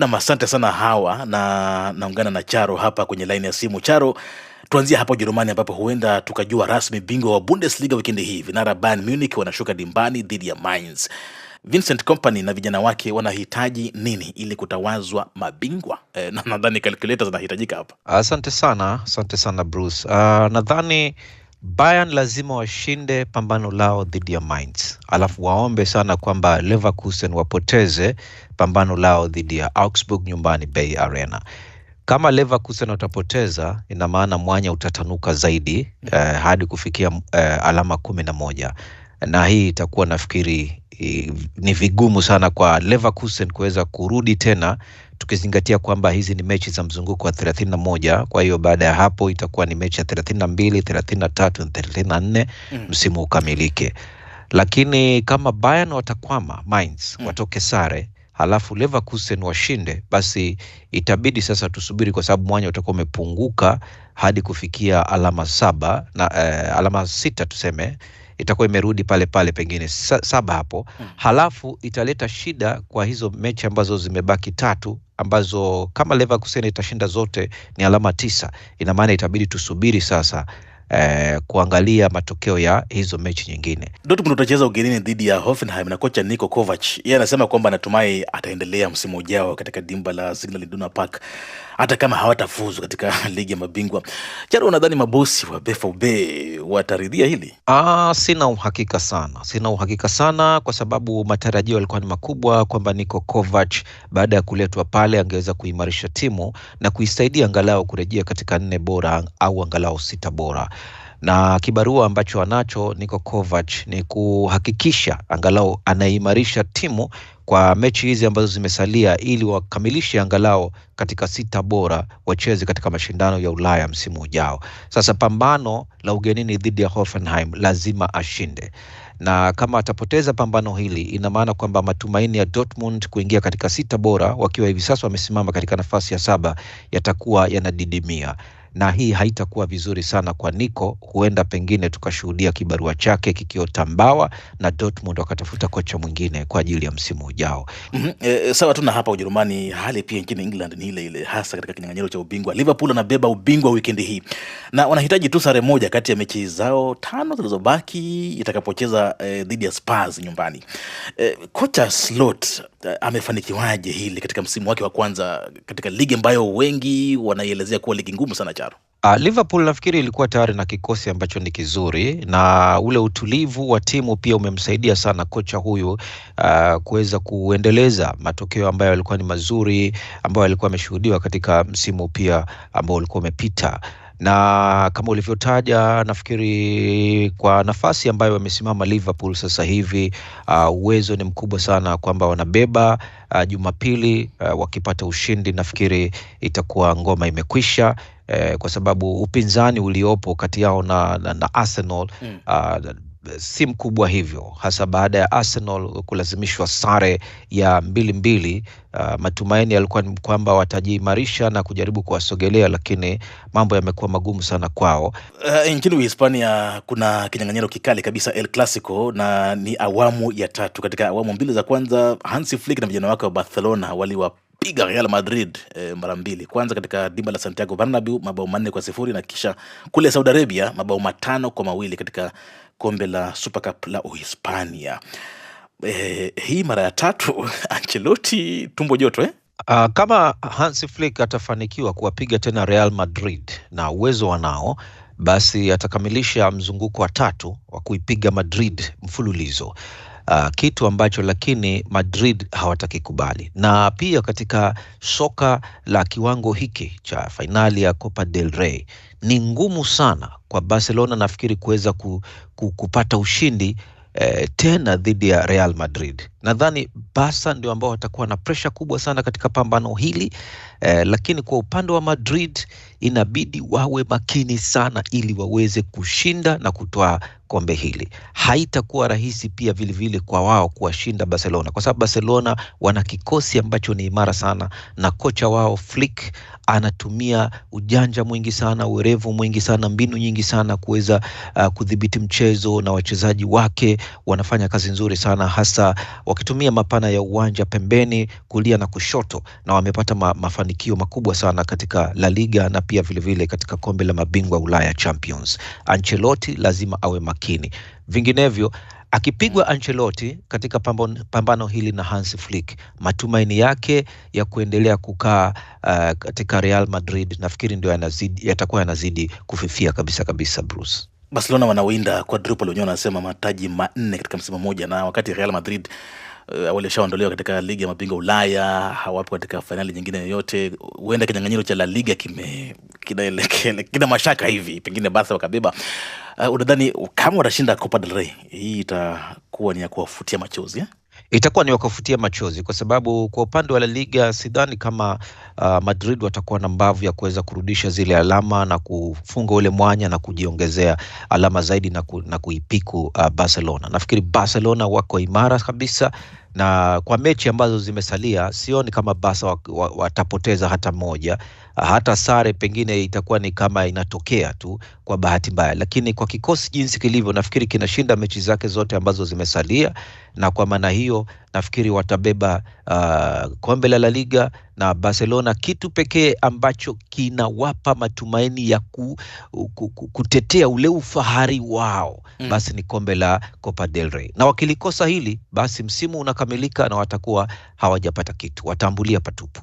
Nam, asante sana Hawa, na naungana na Charo hapa kwenye laini ya simu. Charo, tuanzie hapa Ujerumani ambapo huenda tukajua rasmi bingwa wa Bundesliga wikendi hii. Vinara Bayern Munich wanashuka dimbani dhidi ya Mainz. Vincent Kompany na vijana wake wanahitaji nini ili kutawazwa mabingwa? E, nadhani calculator zinahitajika hapa. Asante sana, asante sana Bruce. Uh, nadhani Bayern lazima washinde pambano lao dhidi ya Mainz, alafu waombe sana kwamba Leverkusen wapoteze pambano lao dhidi ya Augsburg nyumbani Bay Arena. Kama Leverkusen watapoteza, ina maana mwanya utatanuka zaidi eh, hadi kufikia eh, alama kumi na moja na hii itakuwa nafikiri eh, ni vigumu sana kwa Leverkusen kuweza kurudi tena tukizingatia kwamba hizi ni mechi za mzunguko wa 31. Kwa hiyo baada ya hapo itakuwa ni mechi ya 32, 33 na 34 mm. msimu ukamilike. Lakini kama Bayern watakwama Mainz, mm. watoke sare halafu Leverkusen washinde, basi itabidi sasa tusubiri, kwa sababu mwanya utakuwa umepunguka hadi kufikia alama saba na eh, alama sita tuseme itakuwa imerudi pale pale pengine saba hapo hmm. Halafu italeta shida kwa hizo mechi ambazo zimebaki tatu ambazo kama Leverkusen itashinda zote ni alama tisa, ina maana itabidi tusubiri sasa Eh, kuangalia matokeo ya hizo mechi nyingine. Dortmund utacheza ugenini dhidi ya Hoffenheim na kocha Niko Kovac yeye anasema kwamba anatumai ataendelea msimu ujao katika dimba la Signal Iduna Park hata kama hawatafuzu katika ligi ya mabingwa. Jaro, unadhani mabosi wa BFUB wataridhia hili? Aa, ah, sina uhakika sana, sina uhakika sana kwa sababu matarajio yalikuwa ni makubwa kwamba Niko Kovac baada ya kuletwa pale angeweza kuimarisha timu na kuisaidia angalau kurejea katika nne bora au angalau sita bora na kibarua ambacho anacho Niko Kovac ni kuhakikisha angalau anaimarisha timu kwa mechi hizi ambazo zimesalia ili wakamilishe angalau katika sita bora wacheze katika mashindano ya Ulaya msimu ujao. Sasa pambano la ugenini dhidi ya Hoffenheim lazima ashinde, na kama atapoteza pambano hili, ina maana kwamba matumaini ya Dortmund kuingia katika sita bora wakiwa hivi sasa wamesimama katika nafasi ya saba yatakuwa yanadidimia na hii haitakuwa vizuri sana kwa Niko. Huenda pengine tukashuhudia kibarua chake kikiotambawa na Dortmund wakatafuta kocha mwingine kwa ajili ya msimu ujao. mm -hmm. E, sawa tu na hapa Ujerumani, hali pia nchini England ni ile ile, hasa katika kinyang'anyiro cha ubingwa. Liverpool anabeba ubingwa wikendi hii na wanahitaji tu sare moja kati ya mechi zao tano zilizobaki itakapocheza e, dhidi ya Spurs nyumbani. E, kocha Slot amefanikiwaje hili katika msimu wake wa kwanza katika ligi ambayo wengi wanaielezea kuwa ligi ngumu sana cha Uh, Liverpool nafikiri ilikuwa tayari na kikosi ambacho ni kizuri na ule utulivu wa timu pia umemsaidia sana kocha huyu uh, kuweza kuendeleza matokeo ambayo yalikuwa ni mazuri ambayo yalikuwa yameshuhudiwa katika msimu pia ambao ulikuwa umepita na kama ulivyotaja, nafikiri kwa nafasi ambayo wamesimama Liverpool sasa hivi, uh, uwezo ni mkubwa sana kwamba wanabeba uh, Jumapili uh, wakipata ushindi, nafikiri itakuwa ngoma imekwisha uh, kwa sababu upinzani uliopo kati yao na, na, na Arsenal mm. uh, si mkubwa hivyo, hasa baada ya Arsenal kulazimishwa sare ya mbili mbili. Uh, matumaini yalikuwa ni kwamba watajiimarisha na kujaribu kuwasogelea, lakini mambo yamekuwa magumu sana kwao. Uh, nchini Uhispania kuna kinyang'anyiro kikali kabisa El Clasico, na ni awamu ya tatu. Katika awamu mbili za kwanza, Hansi Flick na vijana wake wa Barcelona waliwa kuipiga Real Madrid e, mara mbili, kwanza katika dimba la Santiago Bernabeu mabao manne kwa sifuri na kisha kule Saudi Arabia mabao matano kwa mawili katika kombe la Super Cup la Uhispania. Eh, hii mara ya tatu Ancelotti tumbo joto eh? Uh, kama Hansi Flick atafanikiwa kuwapiga tena Real Madrid na uwezo wanao, basi atakamilisha mzunguko wa tatu wa kuipiga Madrid mfululizo uh, kitu ambacho lakini Madrid hawataki kubali. Na pia katika soka la kiwango hiki cha fainali ya Copa del Rey ni ngumu sana kwa Barcelona nafikiri kuweza ku, ku, kupata ushindi eh, tena dhidi ya Real Madrid nadhani Barca ndio ambao watakuwa na presha kubwa sana katika pambano hili eh, lakini kwa upande wa Madrid inabidi wawe makini sana ili waweze kushinda na kutoa kombe hili. Haitakuwa rahisi pia vilevile vile kwa wao kuwashinda Barcelona, kwa sababu Barcelona wana kikosi ambacho ni imara sana, na kocha wao Flick anatumia ujanja mwingi sana, uerevu mwingi sana, mbinu nyingi sana kuweza uh, kudhibiti mchezo, na wachezaji wake wanafanya kazi nzuri sana hasa wakitumia mapana ya uwanja pembeni, kulia na kushoto, na wamepata ma, mafanikio makubwa sana katika La Liga na pia vilevile vile katika kombe la mabingwa Ulaya Champions. Ancelotti lazima awe makini, vinginevyo akipigwa Ancelotti katika pambano, pambano hili na Hansi Flick, matumaini yake ya kuendelea kukaa uh, katika Real Madrid nafikiri ndio yatakuwa yanazidi kufifia kabisa kabisa, Bruce. Barcelona wanawinda quadruple, wenyewe wanasema mataji manne katika msimu mmoja, na wakati Real Madrid uh, eh, walishaondolewa katika ligi ya mabingwa Ulaya, hawapo katika fainali nyingine yoyote. Huenda kinyang'anyiro cha La Liga kime kina, mashaka hivi, pengine Barca wakabeba. Uh, unadhani kama watashinda Copa del Rey hii itakuwa ni ya kuwafutia machozi eh? itakuwa ni wakafutia machozi, kwa sababu kwa upande wa La Liga sidhani kama uh, Madrid watakuwa na mbavu ya kuweza kurudisha zile alama na kufunga ule mwanya na kujiongezea alama zaidi na, ku, na kuipiku uh, Barcelona. Nafikiri Barcelona wako imara kabisa na kwa mechi ambazo zimesalia sioni kama basa watapoteza hata moja, hata sare pengine itakuwa ni kama inatokea tu kwa bahati mbaya, lakini kwa kikosi jinsi kilivyo, nafikiri kinashinda mechi zake zote ambazo zimesalia, na kwa maana hiyo nafikiri watabeba uh, kombe la La Liga na Barcelona, kitu pekee ambacho kinawapa matumaini ya ku, ku, ku, kutetea ule ufahari wao mm, basi ni kombe la Copa del Rey, na wakilikosa hili basi msimu una kamilika na watakuwa hawajapata kitu, watambulia patupu.